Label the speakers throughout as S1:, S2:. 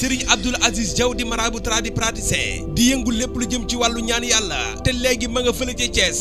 S1: Serigne Abdoul Aziz Diaw di marabu tradipraticien di yëngu lépp lu jëm ci wàllu ñaan yàlla te léegi ma nga fële ca Thiès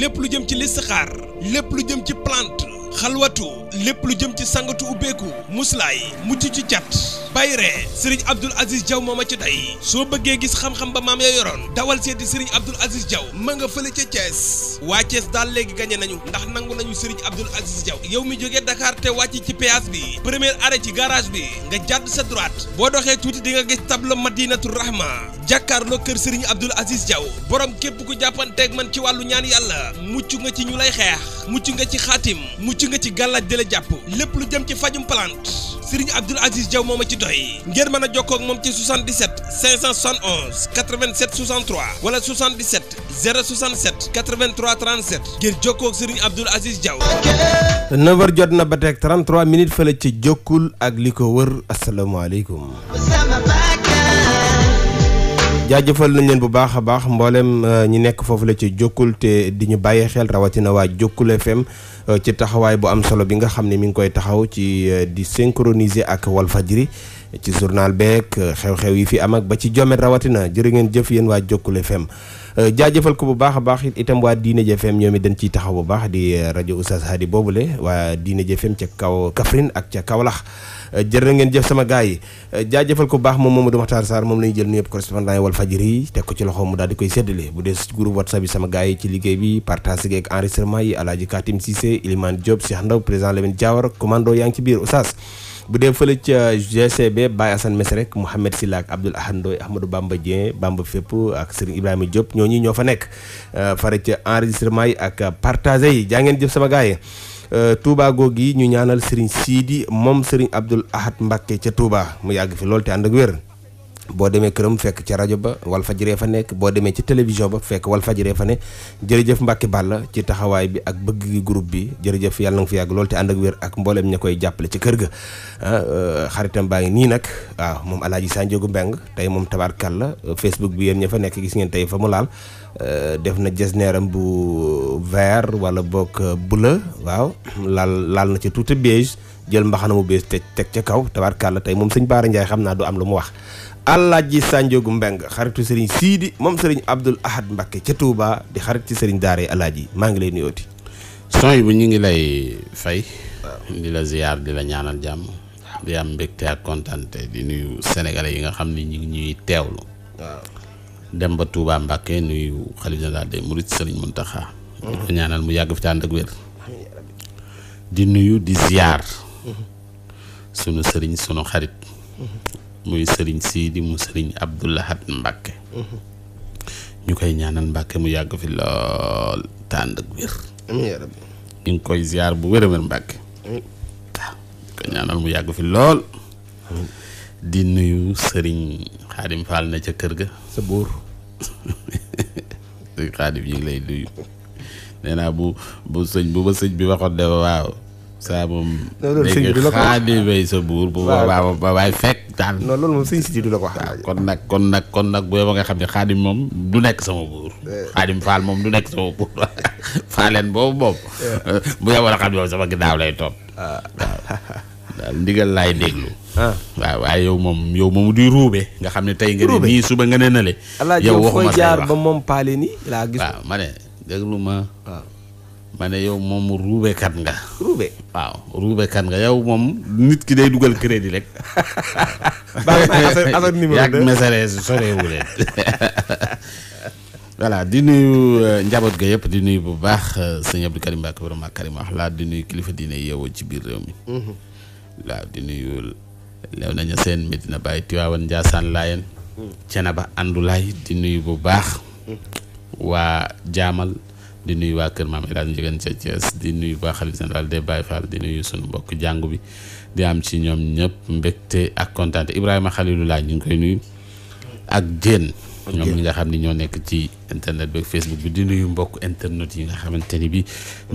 S1: lépp lu jëm ci listixaar lépp lu jëm ci plante xalwatu lépp lu jëm ci sangatu ubbeeku muslaay mucc ci cat bàyyi ree sëriñ Abdul Aziz jaw moo ma ci day soo bëggee gis xam-xam ba maam ya yoroon dawal seeti sëriñ Abdul Aziz jaw ma nga fële ca Thiès waa Thiès daal léegi gagné nañu ndax nangu nañu sëriñ Abdul Aziz jaw yow mi jógee dakaar te wàcc ci péage bi premier arrêt ci garage bi nga jàdd sa droite boo doxee tuuti di nga gis tableau Madinatul Rahma jàkkaarloo kër sëriñ Abdul Aziz Diaw borom képp ku jàppanteeg man ci wàllu ñaan yàlla mucc nga ci ñu lay xeex mucc nga ci nga ci gàllaaj jële jàpp lépp lu jëm ci fajum plante Serigne Abdoul Aziz Diaw moom ma ci doy ngir mën a jokkoo ak moom ci 77 571 87 63 wala 77 067 83 37 ngir jokkoo ak Serigne Abdoul Aziz Diaw. jot na ba teg 33 minutes fële ci jokkul ak li ko wër asalaamaaleykum. jaajëfal nañ leen bu baax a baax mboolem euh, ñi nekk foofu la ci jokkul te di ñu bàyyi xel rawatina waa Jokkul FM euh, ci taxawaay bu am solo bi nga xam ne mi ngi koy taxaw ci euh, di synchroniser ak Walfadjri ci journal beeg xew-xew yi fi am ak ba ci jomet rawatina jërë ngeen jëf yéen waa Jokkul FM. Euh, jaajëfal ko bu baax a baax itam waa diine jfm ñoom it dañ ciy taxaw bu baax di euh, rajo Oustaz Hady boobule waa diine jfm ca kaw Kaffrine ak ca Kaolack euh, jërë ngeen jëf sama gars yi jaajëfal ko bu baax moom Mamadou Makhtar Sarr moom la ñu jël nu yëpp correspondant yi Walfadjri yi teg ko ci loxo mu daal di koy séddale bu dee groupe whatsapp yi sama gars yi ci liggéey bi partage ak enregistrement yi Alaaji Katim Cissé Ilimane Diop Cheikh Ndaw président Lamine yaa ngi ci biir bu dee fële ca GCB Baye Assane Mesrek Mouhamed Silla ak Abdoul Ahad Ndoye Ahmadou Bamba Dieng Bamba Fépp ak Serigne Ibrahima Diop ñooñu ñoo fa nekk euh, fare ca enregistrement yi ak partagé yi jaa ngeen jëf sama gaaye yi euh, Touba googu yi ñu ñaanal Serigne Sidi moom Serigne Abdoul Ahad mbakke ca Touba mu yàgg fi lool te ànd ak wér. boo demee këram fekk ca rajo ba wal fajiree fa nekk boo demee ci télévision ba fekk wal fajiree fa ne jërëjëf mbàkki Balla ci taxawaay bi ak bëgg gi groupe bi jërëjëf yàlla nga fi ak loolu te ànd ak wér ak mboolem ña koy jàppale ci kër ga ah, euh, xaritam baa ngi nii nag waaw moom alaaji Sanjogu Mbeng tey moom tabaarkàlla Facebook bi yéen ña fa nekk gis ngeen tey fa mu laal euh, def na jesneeram bu vert wala boog bula waaw laal laal na ci tuuti beige jël mbaxana mu bees te teg ca kaw tabaarkàlla tey moom sëñ Baara Ndiaye naa du am lu mu wax Alaaji Sanjoogu Mbeng xaritu sëriñ Siidi moom sëriñ Abdul
S2: Ahad Mbakke ca Touba di xarit ci sëriñ Daare Alaaji maa ngi lay nuyooti. oti yi bu ñu ngi lay fay. di la ziyaar di la ñaanal jàmm. di am mbégte ak kontaante di nuyu sénégalais yi nga xam ni ñu ngi ñuy teewlu. waaw dem ba Touba Mbakke nuyu xalifa général des mourides sëriñ mun tax ko mm-hmm. ñaanal mu yàgg fi tànd ak wér. di nuyu di ziyaar. Mm-hmm. sunu sëriñ sunu xarit.
S1: Mm-hmm.
S2: muy sëriñ Sidi mu sëriñ Abdou Lahad Mbacke. ñu koy ñaanal Mbacke mu yàgg fi lool te ànd wér. ñu koy ziar bu wér a wér ñu koy ñaanal mu yàgg fi lool. di nuyu sëriñ Xaadim Fall na ca kër ga. sa buur. sëriñ Xaadim ñu lay nuyu. nee naa bu bu sëñ bu ba sëñ bi waxoon de waaw. saa moom. loolu sëñ bi du la ko wax bay sa buur. ba waay fekk daal. ko kon nag kon nag kon nag booba nga xam ne xaadim moom du nekk sama buur. Eh. xaadim moom du nekk sama buur faaleen boobu moom. Eh. bu yow war a xam yow sama ginnaaw lay toog. Ah. ndigal laay déglu. Ah. waaw waaye yow moom yow moomu di ruube. nga xam ne tey nga ne nii suba nga ne na yow waxuma say wax allah ba moom paale nii laa gis. waaw ma ne ma ah. ma ne yow moom ruubekat nga. ruube waaw ruubekat nga yow moom nit ki day dugal crédit rek. baax na numéro 2 yàgg messages di nuyu euh, njaboot ga yëpp di nuyu bu baax euh, sëñ Abdou Karim Mbacke vraiment Karim wax laa di nuyu kilifa diine yeewoo ci biir réew mhm. lew nañu seen Medina Baye Tiwaawan Ndiassane Laayeen. Mhm. Cenaba Andoulaye di nuyu bu baax. Mhm. waa Jaamal. di nuyu waa kër maam El Hadj Ndiéguène ca di nuyu waa xalif général des Baye Fall di nuyu suñu mbokk jàngu bi di am ci ñoom ñëpp mbégte ak kontaante Ibrahima Khalilullah ñu ngi koy nuyu ak jéen ñi nga xam ni ñoo nekk ci internet di nuyu mbokk internet yi nga xamante ni bi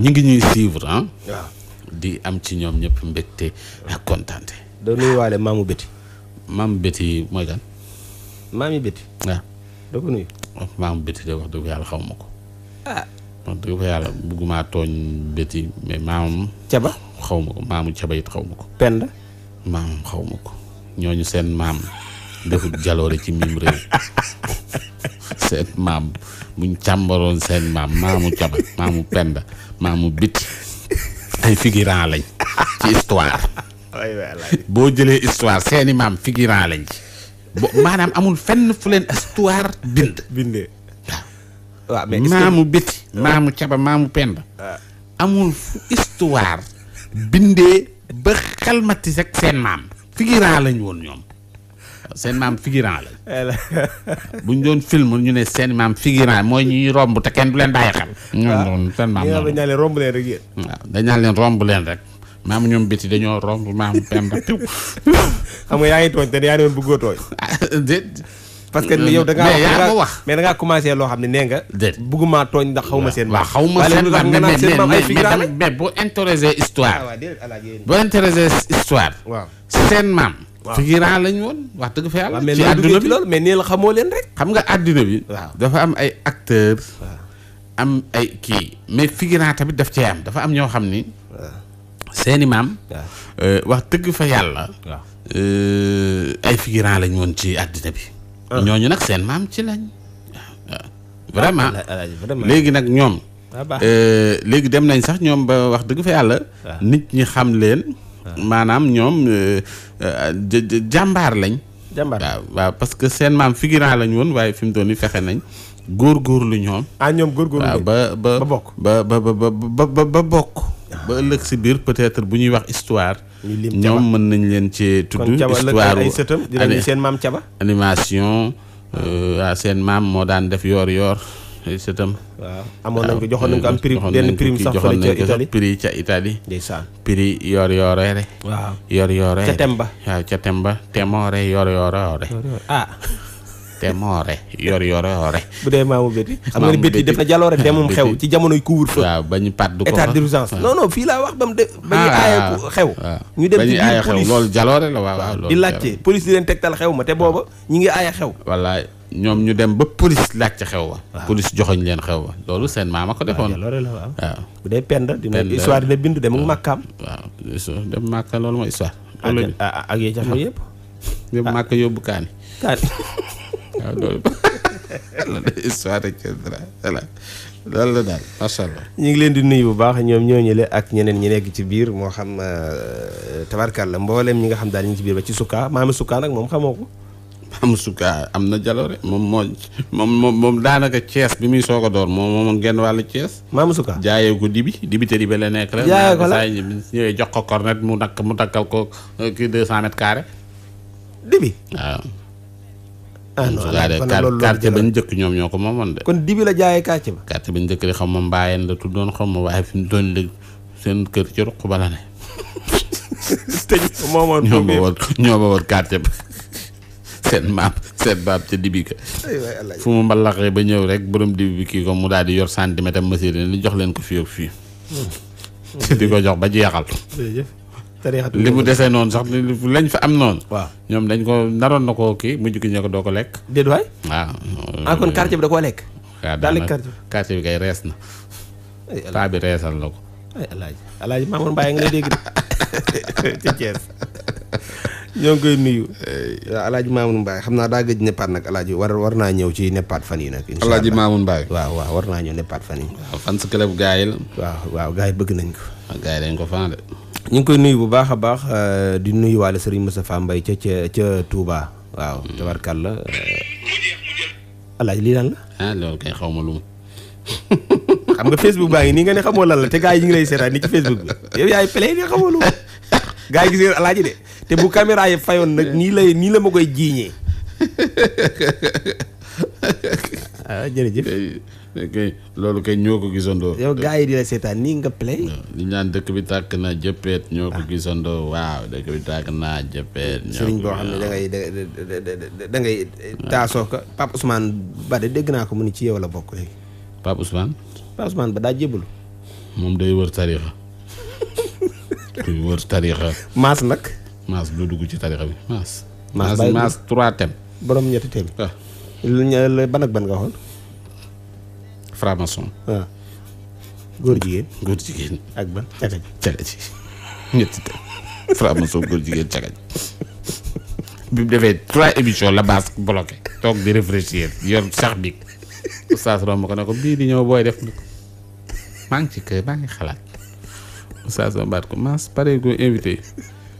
S2: ñu ngi ñuy suivre ah. di am ci ñoom ñëpp mbégte ak kontaante doo nuyu waale maamu béti maamu béti mooy kan maami béti ah. doo ko nuyu oh, maamu wax dëgg yàlla xaw ma ko ah, wax dëgg fa yàlla bëgguma tooñ bëti mais caba xaw ma ko maamu caba it xaw ma ko. pend maamam xaw ma ko ñooñu seen maam defut jaloore ci mim réew seen maam buñ càmbaroon seen maam maamu caba maamu pend maamu biti ay figurant lañ ci histoire. boo jëlee histoire seeni maam figurant lañ ci. bo maanaam amul fenn fu leen histoire bind. waaw mais maamu Béti maamu Caba maamu Penda. Ah. amul fu histoire. bindee ba xalmatis seen maam. figurant lañ woon ñoom. seen maam figurant la. bu ñu doon film ñu ne seen maam figurant mooy ñuy romb te kenn du leen bàyyi xel. ñoom noonu ah. seen
S1: leen romb leen rek yéen.
S2: waaw dañ naan leen romb maamu ñoom dañoo romb maamu Penda. xam
S1: parce que yow da ngaa wax mais da ngaa commencé loo xam ne
S2: nee nga. déet bëgguma tooñ ndax xaw ma seen. waaw xaw ma seen maam mais mais mais boo intéressé histoire. Ah, woon wax dëgg fa yàlla. ci àdduna bi loolu mais nee la leen xam nga àdduna bi. dafa am ay acteurs. am ay kii mais figurant tamit daf cee dafa am ñoo xam ni. seeni maam. Euh, wax dëgg fa yàlla. Euh, ay figurant lañ woon ci àdduna bi. Ah. ñooñu nag seen maam ci lañ. Ah, ah. vraiment léegi nag ñoom. Euh, léegi dem nañ sax ñoom ba wax dëgg fa yàlla. nit ñi xam leen. maanaam ñoom euh, euh, jàmbaar lañ. jàmbaar waaw parce que seen maam figurant lañ woon waaye fi mu doon ni fexe nañ. góorgóorlu ñoom. ah ñoom góorgóorlu waaw ba ba ba bokk. ba bokk. ba ëllëg si biir peut-être bu ñuy wax histoire. ñoom mën nañ leen cee tudd histoire ay sëtam dinañu seen maam caba animation waaw euh, seen maam moo daan def yoor yoor ay sëtam waaw amoon nañ ko joxoon nañ am prix benn prix sax joxoon nañ ko sax prix ca Italie ndeysaan prix yoor yooree re waaw yoor ca temba waaw ca temba temoore yoor yooree ah temoore yor yoroore bu dee maamu
S1: béti xam nga
S2: moom xew ci jamonoy couvre-feu waaw bañu pàddu ko état
S1: d'urgence non non fii de bañu ah, aaye xew
S2: ñu dem la waaw waaw di laajte
S1: police di leen tegtal ma te booba
S2: ñi ngi aaye xew wallaay ñoom ñu dem ba police laaj ca wa police joxoñ leen xew wa loolu seen maama ko defoon
S1: loolu la waaw waaw bu dee pend dina histoire dina bind
S2: dem ak màkkaam waaw histoire dem màkka loolu mooy histoire ak yee ca xew yëpp yóbbu ah. màkka yóbbu kaani kaani waaw loolu histoire et la daal macha allah.
S1: ñu ngi leen di nuyu bu baax ñoom ñoo ñële ak ñeneen ñi nekk ci biir moo xam euh, la mbooleem ñi nga xam daal ñi ngi ci biir ba ci sukka maami sukka nag moom xamoo ko.
S2: maami sukka am na jaloore moom moo moom moom moom daanaka Thiès bi muy soog a door moom moomoon genn wàllu Thiès. maami sukka jaayee ko dibi dibi te dibi la nekk rek. jaayee ko la saa ñëwee jox ko cornet mu nakk mu takkal ko euh, kii 200 mètres carrés. dibi waaw. ah non quartier ba njëkk ñoom ñoo ko moomoon de. kon
S1: dibi la jaayee quartier ba.
S2: quartier ba njëkk di xam ma mbaayeen la tuddoon xam ma waaye fi mu doon léegi seen kër ci ruq ba la ne. te moomoon ñoo ma war ñoo ma war ba seen maam seen baab ca dibi ka. fu mu mbalaxee ba ñëw rek borom dibi bi kii ko mu daal di yor centimètre mesure li jox leen ko fii ak fii. Hmm. di ko jox ba jeexal.
S1: tariixatu li mu desee
S2: noonu sax lañ fa am noonu. waaw ñoom dañ ko naroon na ko kii mujj gi ñu ko doo ko lekk. déedéet waay. waaw. Ah. ah kon quartier bi da koo lekk. Ah, daal lekk quartier bi kay rees na. paa bi reesal la ko.
S1: ay alaaji alaaji Mamour Mbaye nga lay dégg ci Thiès ñoo ngi koy nuyu. waaw alaaji Mamour Mbaye xam naa daa gëj neppaat nag alaaji war war naa ñëw ci neppaat fan yi nag. incha allah alaaji Mamour Mbaye. waaw waaw war naa ñëw neppaat fan yi. waaw fan si club gars yi la. waaw waaw gars yi bëgg nañ ko. waaw gars yi dañ ko fan de. ñu ngi koy nuyu bu baax a baax euh, di nuyuwaale Serigne Moustapha Mbaye ca ca ca tuubaa waaw mm. tabarkàlla. Euh, alaaji lii lan la. ah kay xaw ma lu mu xam nga Facebook baa ngi nii nga ne xamoo lan la te gars yi ñu ngi lay seetaan ni ci Facebook bi yow yaay play ne xamoo lu mu gars yi gis ngeen alaaji de te bu caméra yi fayoon nag nii lay nii
S2: la ma koy jiiñee. ah jërëjëf. kay loolu kay ñoo ko gisandoo. yow gars
S1: yi di la seetaan nii nga play.
S2: li ñaan dëkk bi tàkk naa jëppeet. ñoo ko ah. gisandoo waaw dëkk bi tàkk naa jëppeet. ñoo ko sëriñ boo xam ne da ngay
S1: da ngay taasoo ko Pape Ousmane Bade dégg naa ko ci yow bokk léegi. Pape Ousmane. Pape Ousmane ba daa jébbalu.
S2: moom day wër tarixa kuy wër tarixa maas nag. maas du dugg ci tarixa bi trois thèmes.
S1: borom ñetti thèmes. Ah. ban ak ban nga waxoon.
S2: franc-maçon. waaw ah. ak ban cagaj. cagaj ñetti te franc-maçon cagaj bi defee trois émissions la base bloqué toog di réfléchir yor sax bi oustaz romb ko ne ko bii di ñëw booy def maa ngi ci kër maa ngi xalaat oustaz romb baat ko mas pare ko invité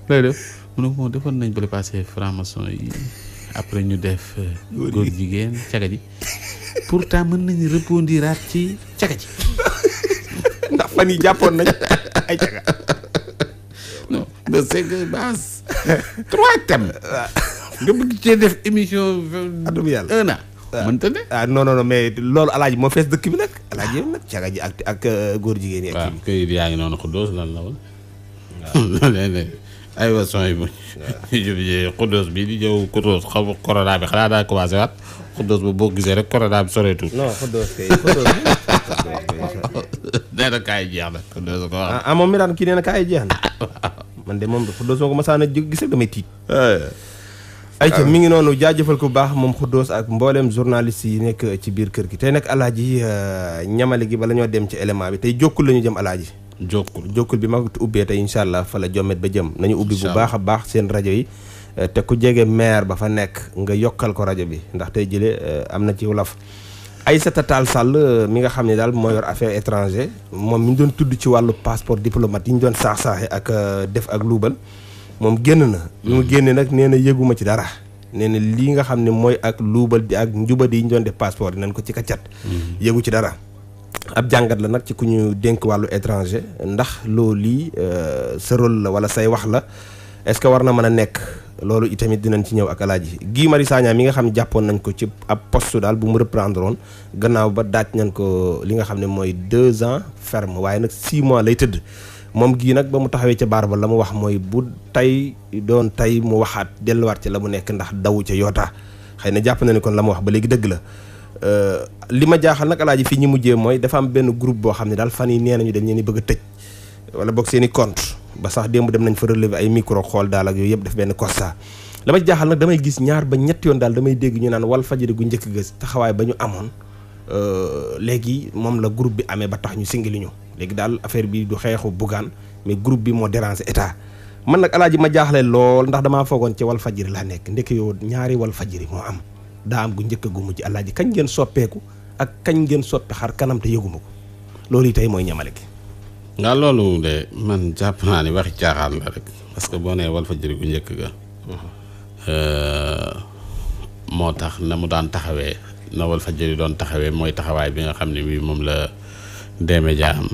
S2: lay def mu ne ko defoon nañ bële passé franc après ñu def euh, góor jigéen caga ji pourtant mën nañu répondiraat ci caga ndax fan yi jàppoon nañ ay caga non nga
S1: bëgg cee def émission adum yàlla un an mënta ne ah non non mais loolu alaaj moo fees dëkk bi nag
S2: alaaji yow nag caga ji ak euh, góor jigéen yi yaa ngi noonu ko doos lan la woon ay son yi mu xuddoos bi di ñëw bi xanaa daa commencé waat xuddoos bu boo gisee rek corona bi soreetul. non xuddoos kay xuddoos nee jeex na xuddoos ko wax. Ah, ah,
S1: jeex na man de moom xuddoos boo ko masaan a jóg gis damay tiit. ayca ah. mi ngi noonu jaajëfal ku baax moom xuddoos ak mbooleem journaliste yi nekk ci biir kër gi tey nag alaaji euh, ñamale gi bala ñoo dem ci élément bi tey jokkul la ñu jëm alaaji jokkul jokkul bi mag ubbee tey incha allah fa la jommet ba jëm nañu ubbi bu baax a baax seen rajo yi eh, te ku jege maire ba fa nekk nga yokkal ko rajo bi ndax tey jële eh, am na ci wolof ay Tall sàll eh, mi nga xam ne daal moo yor affaire étranger moom mi ñu doon tudd ci wàllu passeport diplomate yi ñu doon saax saaxe ak def ak luubal moom génn na bi mu mm. génnee nag nee na yëguma ci dara nee na lii nga xam ne mooy ak luubal di ak njubadi yi ñu doon def passeport yi nañ ko ci kaccat mm. yëgu ci dara ab jàngat la nag ci ku ñu dénk wàllu étranger ndax loolu lii euh, sa rôle la wala say wax la est-ce que war na mën a nekk loolu itamit dinañ ci ñëw ak alaaji gii Marius Sagna mi nga xam jàppoon nañ ko ci ab poste daal bu mu reprendre woon gannaaw ba daaj nañ ko li nga xam ne mooy deux ans ferme waaye nag six mois lay tëdd moom gii nag ba mu taxawee ca baar ba la mu wax mooy bu tey doon tey mu waxaat delluwaat ci la mu nekk ndax daw ca yoota xëy na jàpp na kon la mu wax ba léegi dëgg la Euh, li ma jaaxal nag alaaji fii ñi mujjee mooy dafa am benn groupe boo xam ne daal fan yi nee nañu dañ leen di bëgg a tëj wala boog seeni i ba sax démb dem nañ fa relever ay micro xool daal yooyu yëpp dafa benn constat la ma jaaxal nag damay gis ñaar ba ñett yoon daal damay dégg ñu naan wal fajiri gu njëkk gës taxawaay ba ñu euh, léegi moom la groupe bi amee ba tax ñu singili ñu léegi daal affaire bi du xeexu bugaan mais groupe bi moo déranger état man nag alaaji ma jaaxle lool ndax damaa foogoon ci wal fajiri laa nekk ndekk yow ñaari wal fajiri moo am daa am gu njëkk gu mujj ji kañ geen soppeeku ak kañ ngeen soppi xar kanam te yëguma ko loolu yi tey mooy ñamale gi
S2: nga loolu de man jàpp naa ni waxi caaxaan la rek parce que boo nee wal fa jëri gu njëkk ga euh, moo tax na mu daan taxawee na Walfadjri doon taxawee mooy taxawaay bi nga xam ne bii moom la Dmédias am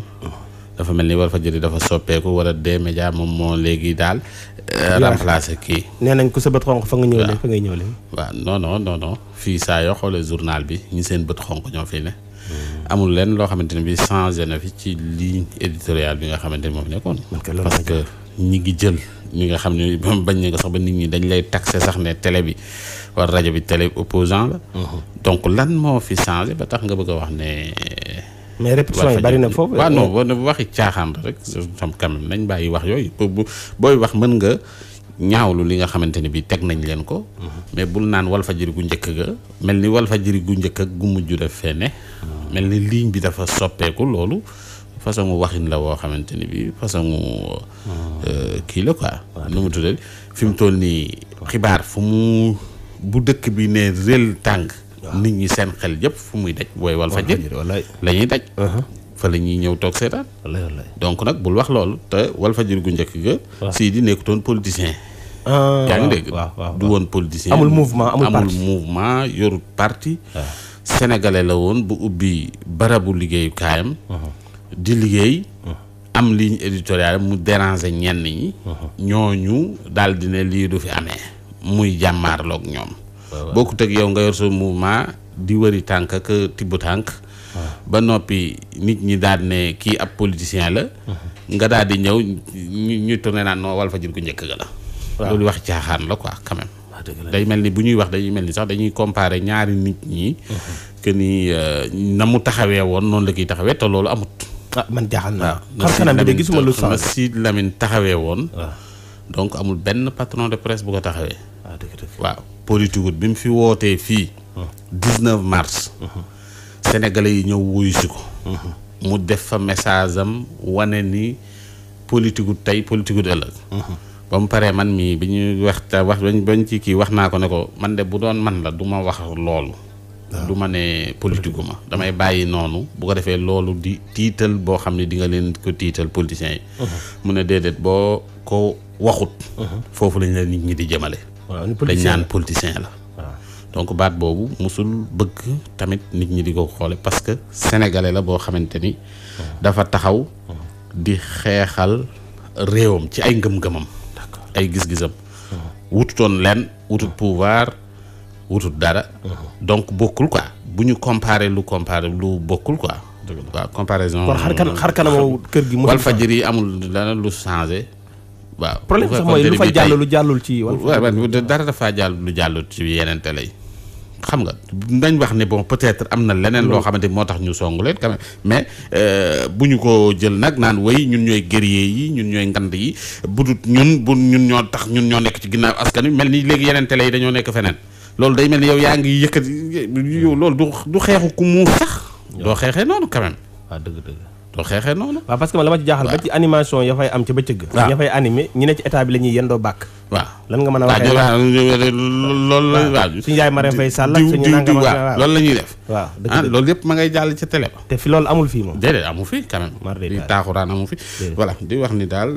S2: dafa mel ni Walfadjri dafa soppeeku wala D-Media moom moo léegi daal. Euh, remplacé kii.
S1: nee nañ ku sa bët xonq fa nga ñëw leen fa ngay ñëw leen.
S2: waaw non non non non fii saa yoo xoolee journal bi ñu seen bët xonq ñoo fi ne. amul leen loo xamante ne bi changé na fi ci ligne éditoriale bi nga xamante ne moom nekkoon. parce que ñi ngi jël ñi nga xam ne bañ na ko sax ba nit ñi dañ lay taxé sax ne télé bi war rajo bi télé opposant la. Uh-huh. donc lan moo fi changé ba tax nga bëgg wax ne. mais répétition bari na foofu. waaw non waxi caaxaan rek tam quand même nañ bàyyi wax yooyu bu booy wax mën nga ñaawlu li nga xamante ne bii teg nañ leen ko. Mhm. mais bul naan Walfadjri gu njëkk ga. mel ni Walfadjri gu njëkk ak gu mujj daf fee ne. Mhm. mel ni ligne bi dafa soppeeku loolu. façon waxin la woo xamante ni bii façon euh, mhm. kii la quoi. nu mu tuddee fi mu toll nii xibaar fu mu bu dëkk bi ne réel tàng. nit ñi seen xel yëpp fu muy daj booy wal fajiri la ñuy daj uh-huh. fa la ñuy ñëw toog seetaan donc nag bul wax loolu te wal gu njëkk ga sii di nekkutoon politicien
S1: ah, yaa ngi dégg du woon
S2: politicien amul mouvement amul mouvement yorut parti ah. sénégalais la woon bu ubbi barabu liggéeyukaayam uh-huh. di liggéey uh-huh. am ligne éditoriale mu déranger ñenn ñi ñooñu daal di ne lii du fi amee muy jàmmaarloog ñoom boo ko ak yow nga yor sa mouvement di wëri tànk ak tibb tànk ba noppi nit ñi daal ne kii ab politicien la mhm. nga daal di ñëw ñu ñu tourné naan noo wal fa jël ku njëkk wax caaxaan la quoi quand day mel ni bu ñuy wax dañuy mel ni sax dañuy comparer ñaari nit ñi mhm. que ni euh, na mu taxawee woon noonu la kiy taxawee te loolu amut ah man jaaxal naa xar kanam bi de gisuma lu sens si Lamine taxawee woon donc amul benn patron de presse bu ko taxawee ah, waaw politique bi mu fi wootee fii. 19 mars. sénégalais yi ñëw wuyu si ko. mu def fa message am wane ni politique tey politique la ba mu paree man mii bi ñu waxta wax bañ ci kii wax naa ko ne ko man de bu doon man la du ma wax loolu. du ma ne politique ma damay bàyyi noonu bu ko defee loolu di tiital boo xam ne dinga nga leen ko tiital politiciens yi. Uh-huh. mu ne déedéet boo ko waxut. Uh-huh. foofu lañ la nit di jëmale. dañ naan politicien la donc baat boobu mosul bëgg tamit nit ñi di ko xoole parce que sénégalais la boo xamante ni dafa taxaw di xeexal réewam ci ay ngëm-ngëmam ay gis-gisam wututoon lenn wutut pouvoir wutut dara donc bokkul quoi bu ñu comparé lu comparé lu bokkul quoi waaw comparaison kon xar kanam xar kër gi Walfadjri yi amul dana lu changé waaw problème sax mooy lu fa jàll lu jàllul ci. waaw dara dafaa jàll lu jàllul ci yeneen télé yi xam nga dañ wax ne bon peut-être am na leneen loo xamante moo tax ñu song leen quand même mais euh, bu ñu ko jël nag naan way ñun ñooy guerrier yi ñun ñooy ngand yi budut ñun bu ñun ñoo tax ñun ñoo nekk ci ginnaaw askan wi mel ni léegi yeneen télé yi dañoo nekk feneen loolu day mel ni yow yaa ngi yëkkati yow loolu du du xeexu ku muus sax doo xeexee noonu quand to xeexee noonu waaw parce que man la ma ci jaaxal ba ci animation ya fay am
S1: ci bëccëg ña fay animé ñi ne ci état bi la ñuy yendoo bàkk waaw lan nga a waxee
S2: loolu la loolu def waaw ah loolu yëpp ma ngay jàll ca télé ba te fi loolu amul fii moom déedéet amul fii quand même di taaxuraan amul fi voilà di wax ni daal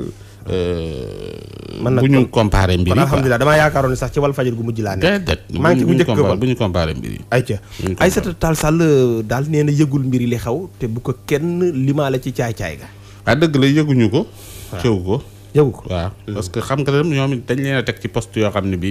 S2: Euh, man nag bu ñu comparé mbir yi kon damaa
S1: yaakaaroon sax ci wàllu fajar gu mujj laa
S2: nekk. déedéet maa ngi ci bu bu ñu comparé mbir yi. ayca Aïssata
S1: Tall Sall euh, daal nee na yëgul mbir yi li xew te bu ko kenn limaa la ci caay-caay ga.
S2: ah dëgg la yëguñu ko. waaw xew ko. yëgu ko waaw parce que xam nga dem ñoom dañ leen a teg ci poste yoo xam ne bi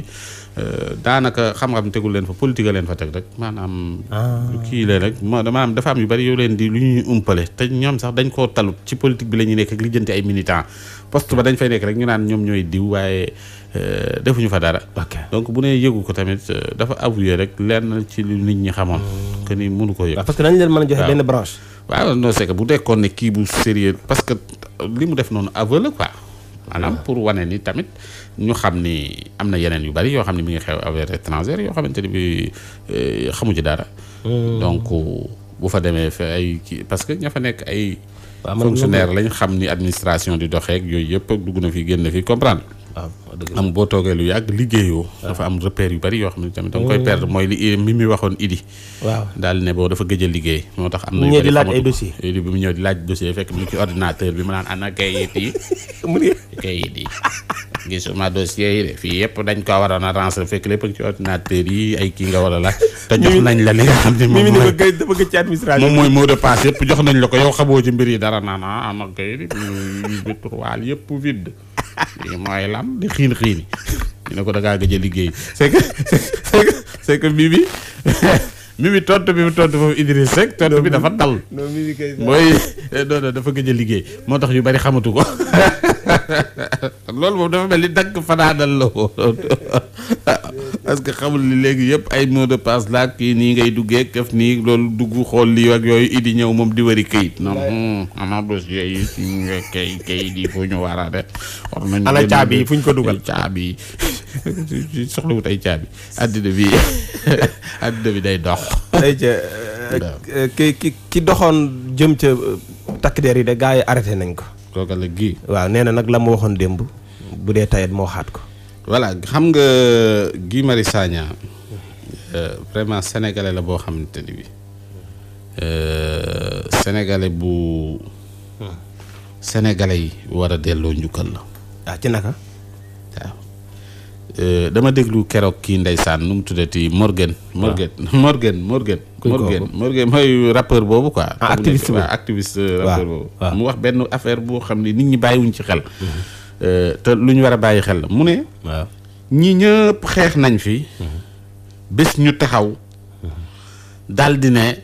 S2: euh, daanaka xam-xam tegul leen fa politique a leen fa teg rek maanaam ah. kii leen rek maanaam dafa am yu bari yow leen di lu ñuy umpale te ñoom sax dañ koo talut ci politique bi la ñuy nekk ak lijjanti ay militant poste ba dañ fay nekk rek ñu naan ñoom ñooy diw waaye euh, defuñu fa dara donc bu nee yëgu ko tamit euh, dafa avoué rek lenn ci lu nit ñi xamoon hmm. que ni mënu koo yëg parce que dañ leen mën a joxe benn branche waaw non c'est que bu dekkoon ne kii bu sérieux parce que li mu def noonu aveu la maanaam pour wane nii tamit ñu xam ni am na yeneen yu bari yoo xam ne mi ngi xew affaire étrangère yoo xamante ni bi euh, xamu ci dara. Hmm. donc bu fa demee fa ay kii parce que ña fa nekk ay. fonctionnaire lañ xam ni administration di doxeek yooyu yëpp dugg na fi génn fi comprendre. Ah, am boo toogee lu yàgg liggéeyoo. Ah. dafa am repère yu bari yoo xam ne tamit da nga koy mmh. perdre mooy li mi mi waxoon idi waaw daal ne boobu dafa gëj a liggéey. moo tax am na ñu di laaj ay mu ñëw di laaj dossier fekk mu ngi ci ordinateur bi ma ana kayit yi mu ne kayit yi fii yëpp dañ ko waroon a renseigner fekk lépp ci ordinateur yi ay kii nga war a laaj. te jox nañ la li nga xam ne moom mooy
S1: dafa gëj ci administration moom mooy
S2: mot de passe yëpp jox nañ la ko yow xamoo ci mbir yi dara naan a ah, am ak kayit yi trois yëpp vide lii mooy lan di xiin xiini ñu ko da ngaa gëj a liggéey c'est que c'est que c'est que mimi mimi tontu bi mu tontu foofu Idriss bi dafa dal. mooy non non dafa gëj liggéey moo tax yu bari xamatu ko loolu moom dafa mel ni dagg fanaanal la woon parce que xamul ni léegi yëpp ay mot de passe la kii nii ngay duggee këf nii loolu dugg xool lii ak yooyu idi ñëw moom di wari këyit. non hmm, ana dossier yi suñu kay kayit a def. caabi yi fu ñu ko dugal caabi yi soxlawut ay caabi. addina bi addina bi day dox.
S1: Eh, ki ki ki doxoon jëm ca eh, takk yi de gars yi arrêté nañ ko.
S2: kooku la gii. waaw nee na
S1: nag la mu waxoon démb bu dee tayet moo xaat ko.
S2: voilà xam nga Guy mari Sagna euh, vraiment sénégalais la boo xamante ni bi euh, sénégalais bu sénégalais yi war a delloo njukkal la.
S1: ah ci naka. waaw
S2: euh, dama déglu keroog kii ndeysaan nu mu tuddati Morgan. Morgan Morgan Morgan. Morgan Morgan mooy rappeur boobu quoi. Ah, activiste boobu activiste rappeur boobu. mu wax benn affaire boo xam ne nit ñi bàyyiwuñ ci xel. Mhm. Euh, te lu ñu war a bàyyi xel la mu ne. waaw ñi ñëpp xeex nañ fi. bés ñu taxaw. daldi ne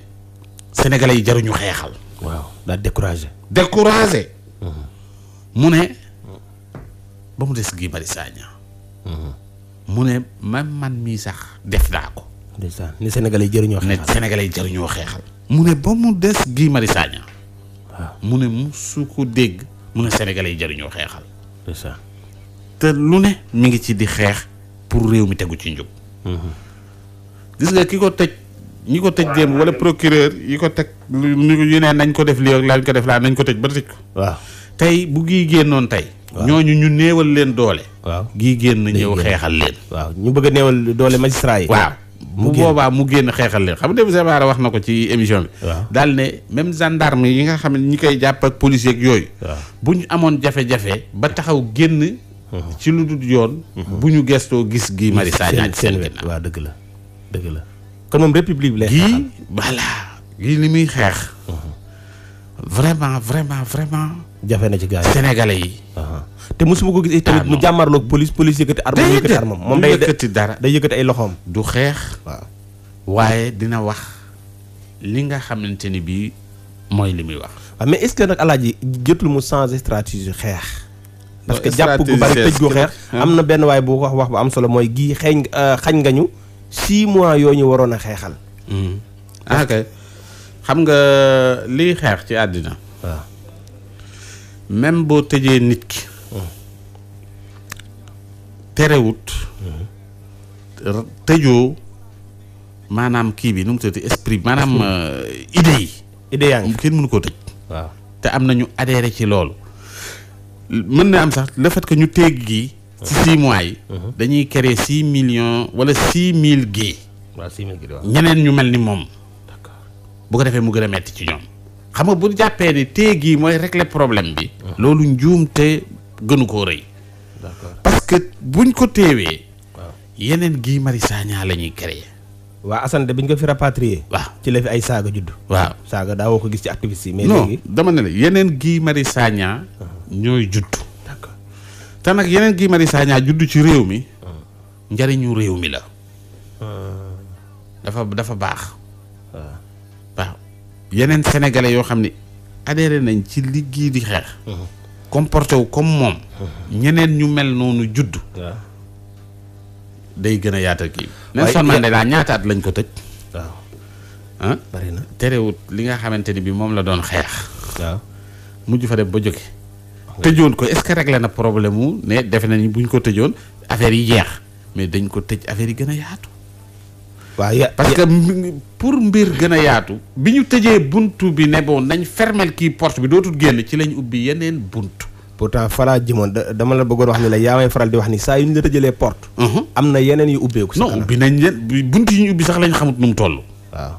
S2: sénégalais yi jaruñu xeexal. waaw daal découragé. découragé. Mhm. mu ne ba mu des Guy Marius mhm. mu ne man man mii sax def naa ko. ndeysaan ne sénégalais yi jaruñoo xeexal ne sénégalais yi jaruñoo xeexal. mu ne ba mu des Guy Marius Sagna. mu ne musu ko dégg mu ne sénégalais yi jaruñoo xeexal. te lu ne mi ngi ci di xeex pour réew mi tegu ci njub. gis nga ki ko tëj ñi ko tëj démb wala procureur yi ko teg lu ñu ne nañ ko def li ak lañ ko def laa nañ ko tëj ba tëj waaw tey bu gii génnoon tey. ñooñu ñu néewal leen doole. waaw gii génn ñëw xeexal leen. waaw ñu bëgg a néewal doole magistrat yi. waaw mu boobaa mu génn xeexal leen xam ne Demba Sebaare wax na ko ci émission bi. daal ne même gendarme yi nga xam ne ñi koy jàpp ak policier ak yooyu. bu ñu amoon jafe-jafe ba taxaw génn. ci lu dul yoon. bu ñu gestoo gis Guy Marius Sagna ci seen
S1: ginnaaw waa dëgg la dëgg la
S2: kon moom république bi lay xeexal gii voilà li muy xeex. vraiment vraiment vraiment.
S1: jafe na ci gars yi sénégalais yi. Ah.
S2: te mosuma ko gis tamit mu ah,
S1: jàmmarloog police police yëkkati arme moom day yëkkati dara day
S2: yëkkati ay loxoom. du xeex. waaye dina wax li nga xamante ni bii mooy li muy wax. waaw ah, mais est-ce que nag alaaji jotul mu changer stratégie xeex. parce que jàpp gu bari tëj gu xeex. am
S1: na benn waay bu wax wax bu am solo mooy gii xeeñ euh, xañ nga ñu six mois yoo ñu waroon a xeexal.
S2: Hmm. xam nga liy xeex ci àddina même boo tëjee nit ki terewut tëjoo maanaam kii bi nu mu tëddee esprit maanaam euh, idée yi idée yaa ngi kenn mënu tëj waaw te am na ñu adhéré ci loolu mën na am sax le fait que ñu téeg gi ci six mois yi uh-huh. dañuy créer six million wala six mille gi ñeneen ñu mel ni moom bu defee mu gën a metti ci ñoom xam nga bu jàppee ni téye gii mooy régler problème bi. loolu te gënu koo rëy. d'accord parce que buñ ko téewee. yeneen gii mari
S1: saañaa la ñuy créé. waa Assane de ko fi rapatrié. waa ci la fi ay saaga juddu waaw saaga
S2: daa woo ko gis ci activiste yi. mais no dama ne la yeneen gii mari saañaa ñooy judd. te nag yeneen gii mari saañaa juddu ci réew mi.
S1: Hmm.
S2: njariñu réew mi la. Hmm. dafa dafa baax. Hmm. waaw. yeneen sénégalais yoo xam ne adhéré nañ ci liggéey di xeex. comporté wu comme moom. ñeneen ñu mel noonu judd. day gën a yaatal kii. Nelson Mandela ñaata at lañ ko tëj. waaw bari na terewut li nga xamante ni bi moom la doon xeex. waaw mujj fa def ba jóge tëjoon ko est-ce que réglé na problème mu ne defe nañ buñ ko tëjoon affaire yi jeex mais dañ ko tëj affaire yi gën a yaatu. waaw ya parce que pour mbir gën a yaatu. bi ñu tëjee bunt bi ne bon nañ fermel kii porte bi dootul génn ci lañu ubbi yeneen bunt buntu.
S1: pourtant falaa jimoon dama la bëggoon wax ni la yaa may faral di wax ni saa yu ñu la tëjalee port mhm. am na yeneen yu ubbeeku. si non
S2: nañ leen buntu yi ñu ubbi sax lañu xamut nu mu toll. waaw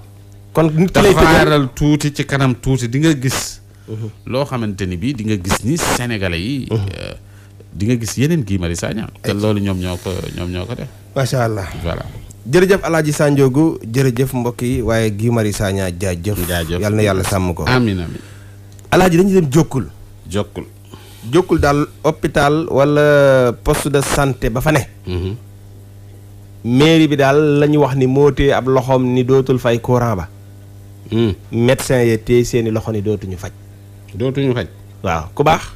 S2: kon nit ki lay tuuti ci kanam tuuti di nga gis. Mhm. loo xamante ni bii di nga gis ni sénégalais yi. Mhm. Euh, di nga gis yeneen Guy Marius Sagna te loolu ñoom ñoo ko ñoom ñoo ko def. macha allah voilà.
S1: jërëjëf alaaji Sanjoogu jërëjëf mbokk yi waaye Guy Marius Sagna jaajëf jaajëf yal yàlla sàmm ko amiin amiin alaaji dañu dem jokkul jokkul jokkul daal hôpital wala post de santé ba fa ne mhm. mairie bi daal la ñu wax ni moo téye ab loxoom ni dootul fay courant ba mhm. médecin yee téye seeni loxo ni dootuñu faj dootuñu faj waaw ku baax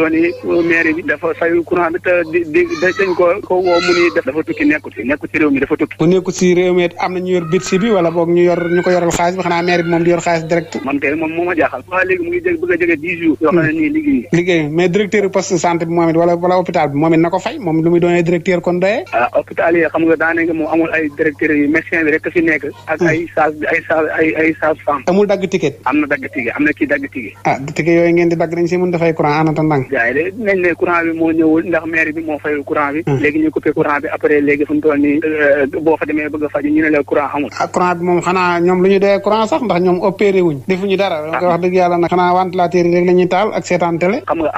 S3: doon
S4: yi maire bi dafa fayu di
S3: yor xaalis bi moom di yor xaalis direct man moom
S4: a jege
S3: dix mais directeur bi moom it wala wala hôpital bi moom it na ko moom lu muy doonee directeur kon doyee
S4: ah hôpital yi xam nga daanaka moom directeur bi rek fi nekk am na dagg ticket
S3: ah ticket yooyu ngeen di dagg dañ si mën dafay courant en attendant gars yi
S4: de nañ courant bi moo ñëwul ndax maire bi moo fayul courant bi mm-hmm. léegi ñu coupé courant bi après léegi fu mu euh, boo fa demee bëgg a faju ñu ne la courant
S3: ah, bi moom xanaa ñoom lu ah. rek la taal ak seetaan télé
S4: xam euh,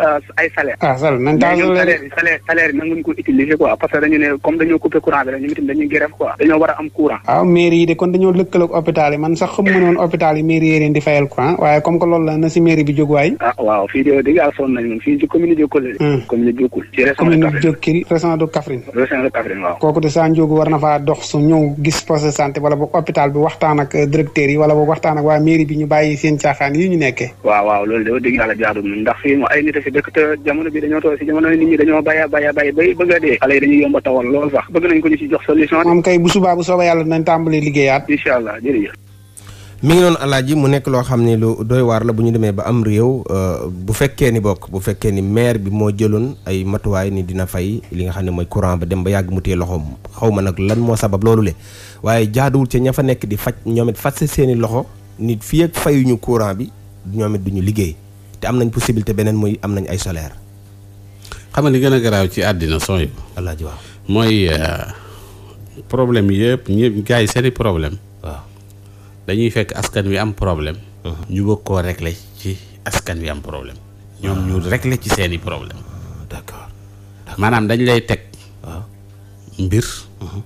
S4: ah, taal salaire nanguñ ko utiliser quoi parce que dañu ne comme dañoo coupé courant bi la ñu itam dañuy grève a am courant
S3: waaw mairie yi de kon dañoo lëkkaloog hôpital yi man sax xam mënoon hôpital yi mairie yi di fayal courant waaye
S4: defoon nañ moom fii ci commune Jokalante. commune de
S3: hmm. kooku de saa njóogu war na faa dox su ñëw gis poste santé wala boog hôpital bi waxtaan ak euh, directeur yi wala boog waxtaan ak waa bi ñu bàyyi seen caaxaan yi ñu nekkee. waaw
S4: waaw loolu de wax dëgg yàlla jaadu nañ ndax fii moom ay nit a fi dëkk te jamono bi ñoo toll
S3: si jamono nit ñi dañoo bàyyi a dee. xale yi a tawal lool sax bëgg nañ ko ñu si jox solution. moom kay bu subaa bu soobee yàlla dinañ tàmbalee liggéeyaat.
S1: mi ngi noonu ji mu nekk loo xam ni lu dooy waar la bu ñu demee ba am réew euh, bu fekkee ni bokk bu fekkee ni maire bi moo jëloon ay matuwaay ni dina fay li nga xam ne mooy courant ba dem ba yàgg mu téye loxoom xaw ma nag lan moo sabab loolu le waaye jaaduwul ca ña fa nekk di faj ñoom it faj seeni loxo nit fii ak fayuñu courant bi ñoom it duñu liggéey te am nañ possibilité beneen mooy am nañ ay solaire
S2: xam nga gën a garaaw ci àddina son yi alaaji waaw mooy euh, problème yëpp ñëpp gars yi seeni problème dañuy fekk askan wi am problème. Uh-huh. ñu bëgg koo régler ci askan wi am problème. ñoom ñu ah. régler ci seeni problème. Ah, maanaam dañ lay teg. Ah. mbir. Uh-huh.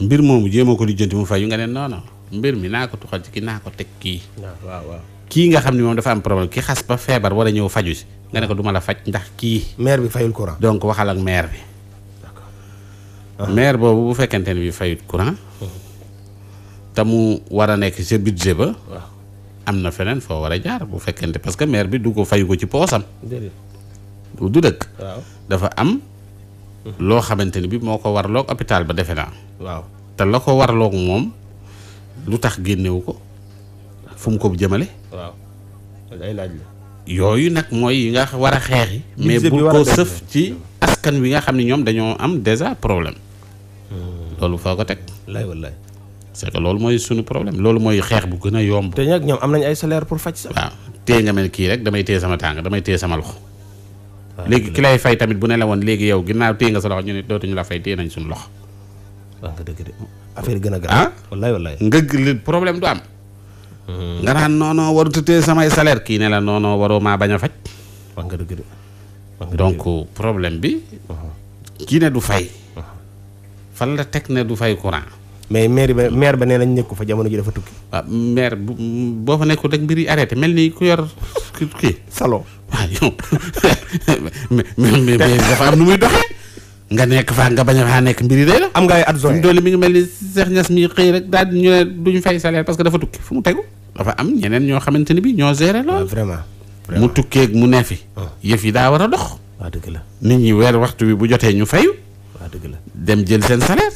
S2: mbir moomu jéem a ko lijjanti mu fayu nga ne non non mbir mi naa ko tuxal ci ki naa ko teg kii. waaw waaw kii nga xam ne moom dafa am problème ki xas ba feebar war a ñëw faju si nga ne ko du la faj ndax kii. maire bi fayul courant. donc waxal ak maire bi. d'accord boobu bu fekkente ne bi fayut courant. Uh-huh. te mu war a nekk sa budget ba. am na feneen foo war a jaar bu fekkente parce que maire bi du ko fayu ko ci poosam. du dëkk. dafa am. loo xamante ni bi moo ko warloog hôpital ba defe naa. waaw te la ko warloog moom lu tax génnewu ko fu ko jëmale. waaw laaj yooyu nag mooy yi nga war a xeexi. mais bu ko sëf ci askan wi nga xam ni ñoom dañoo am déjà problème. Hmm. loolu foo ko teg. lay wallaay c'est que loolu mooy sunu problème loolu mooy xeex bu gën a yomb. te nag ñoom am nañ ay salaire pour faj sax. waaw téye nga mel kii rek damay téye sama tàng damay téye sama loxo. léegi ki lay fay tamit bu ne la woon léegi yow ginnaaw téye nga sa loxo ñu ne dootuñu la fay téye suñu loxo. waaw nga dëgg de a grave. Ah? wallaay wallaay problème du am. Hmm. nga naan non non warut a samay salaire kii ne la non waroo maa bañ a faj. wax nga dëgg de. donc problème bi. Uh-huh. kii ne du fay. Uh-huh. fan la teg ne du fay courant. mais maire ba maire ba nee nañ nekku fa jamono ji dafa tukki. waaw ah, maire boo fa nekkul rek mbir yi arrêté mel nii ku yor kii. salon waaw ah, yow mais dafa am nu muy doxee. nga nekk faa nga bañ a nekk mbir yi day la. am nga ay adjoint doole mi ngi mel ni Cheikh Niass xëy rek daal ñu ne duñ fay salaire parce que dafa tukki fu mu tegu. am ñeneen ñoo xamante ni bi ñoo gérer lool. Ah, vraiment mu tukkeeg mu ne fi. yëf yi daa war a dox. dëgg la nit ñi weer waxtu wi bu jotee ñu fayu. dëgg la dem jël seen salaire.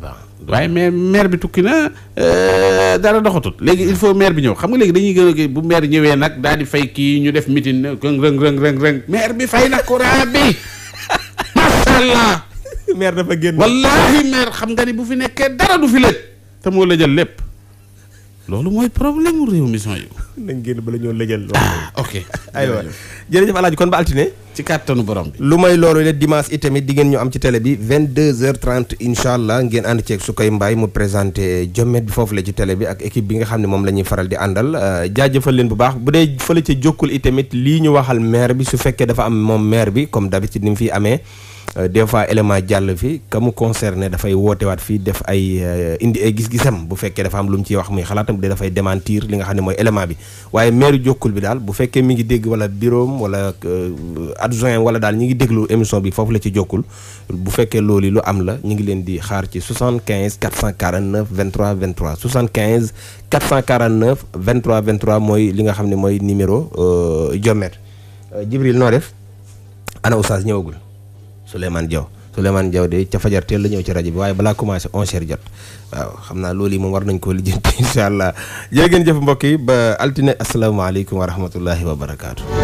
S2: Ah, waaye mais maire bi tukki na euh, dara doxatut léegi il faut maire bi ñëw xam nga léegi dañuy gën a kii bu maire ñëwee nag daal di fay kii ñu def meeting rëng rëng rëng rëng maire bi fay na courant bi macha allah. maire dafa génn wallaahi maire xam nga ni bu fi nekkee dara du fi lëj te moo la jël lépp. loolu mooy problème mu réew mi son yi. nañ génn bala ñoo lëjal loolu. ah ok. aywa jërëjëf Alaaji kon ba altine. ci kàttanu borom bi. lu
S1: may loolu le dimanche itamit di ngeen ñu am ci télé bi 22h30 incha allah ngeen ànd ceeg su koy mbaay mu présenté jommet bi foofu la ci télé bi ak équipe bi nga xam ne moom la ñuy faral di àndal euh, jaajëfal leen bu baax bu dee fële ca jokkul itamit lii ñu waxal maire bi su fekkee dafa am moom maire bi comme d'habitude ni mu fiy amee. Euh, des fois élément jàll fi ka mu concerné dafay wootewaat fii def ay euh, indi ay gis-gisam bu fekkee dafa am lu mu ciy wax muy xalaatam de dafay démentir li nga xam ne mooy élément bi waaye maire jokkul bi bu fekkee mi ngi dégg wala bureau wala euh, adjoint wala daal ñi ngi déglu émission bi foofu la ci jokkul bu fekkee loolu lu am la ñu ngi leen di xaar ci 75 449 23 23 75 449 23 23 mooy li nga xam ne mooy numéro Jomet Jibril noo def ana oustaz ñëwagul Souleymane Diaw Souleymane Diaw de ca fajar teel la ñëw ci rajo bi waaye balaa commencé 11h jot waaw xam naa loolu moom war nañ koo lijjanti incha allah jërë ngeen jëf mbokk yi ba altine asalaamaaleykum wa rahmatullahi wa barakaatu.